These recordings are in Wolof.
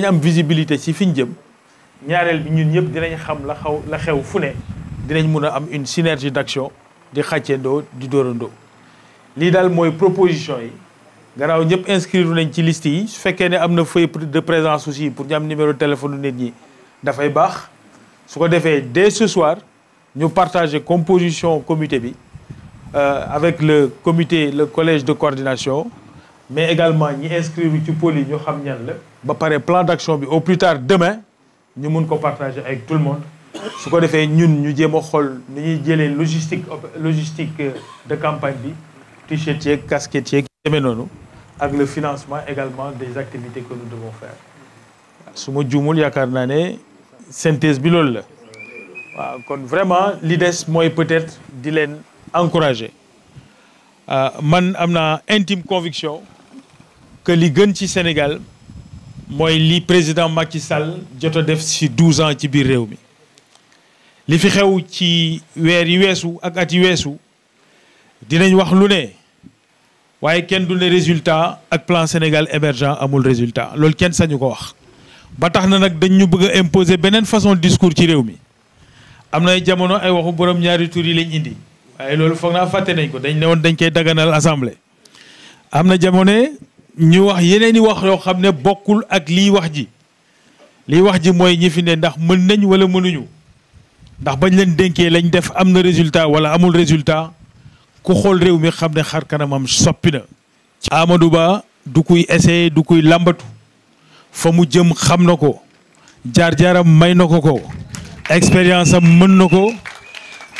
dañ visibilité ci fiñ ñu jëm ñaareel bi ñun ñëpp dinañ xam la xaw la xew fu né dinañ mëna am une synergie d'action di xatiendo di dorando li dal moy proposition yi garaaw ñëpp inscrire nañ ci liste yi su fekké né amna na feuille de présence aussi pour ñam am numéro téléphone nit ñi fay bax su ko défé dès ce soir ñu partager composition comité bi euh, avec le comité le collège de coordination mais également ñi inscrire ci pôle ñu xam ñan la. ba paré plan d'action bi au plus tard demain ñu mën ko partager avec tout le monde su ko defee ñun ñu jéem xol ni ñi jëlé logistique logistique de campagne bi t-shirt yeeg casquette yeeg ak le financement également des activités que nous devons faire suma ma juumul yaakaar synthèse bi loolu la kon vraiment l'idée moy peut-être di len encourager. Euh, man am une intime conviction que li gën ci Sénégal moi li président Macky Sall j'ai a def douze ans ci biir Les mi li fi xew ci weer yi weesu ak at yi weesu dinañ wax lu du ne résultat ak plan Sénégal émergent amul résultat lol kenn sañu ko wax ba tax na nag dañ ñu bëgg imposer benen façon discours ci réew mi amna ay jamono ay waxu borom ñaari tour yi lañ indi waaye loolu foog naa fàtte nañ ko dañ ne woon dañ koy daganal assemblée am na jamono ñu wax yeneen i wax yoo xam ne bokkul ak lii wax ji lii wax ji mooy ñi fi ne ndax mën nañ wala mënuñu ndax bañ leen dénkee lañ def am na résultat wala amul résultat ku xool réew mi xam ne xar kanamam soppi na. Amadou Ba du kuy essayer du kuy làmbatu fa mu jëm xam na ko jaar-jaaram may na ko ko expérience am mën na ko.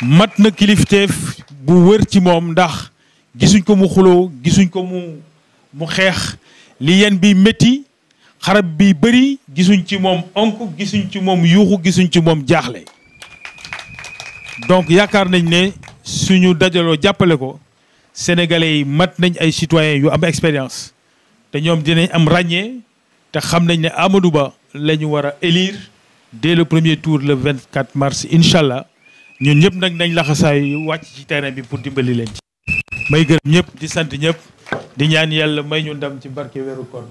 mat na kiliftef bu wër ci ndax gisuñ ko mu xulo gisuñ ko mu mu xex li bi xarab bi gisuñ ci gisuñ ci gisuñ ci donc Yakar nañ ne suñu sénégalais yi mat nañ ay citoyens yu am expérience té ñom dinañ am ragné té xam nañ dès le premier tour le 24 mars Inshallah. ñun ñëpp nag nañ laxasaay wàcc ci terrain bi pour dimbali leen ci may gërëm ñëpp di sant ñëpp di ñaan yàlla may ñu ndam ci barke weeru koor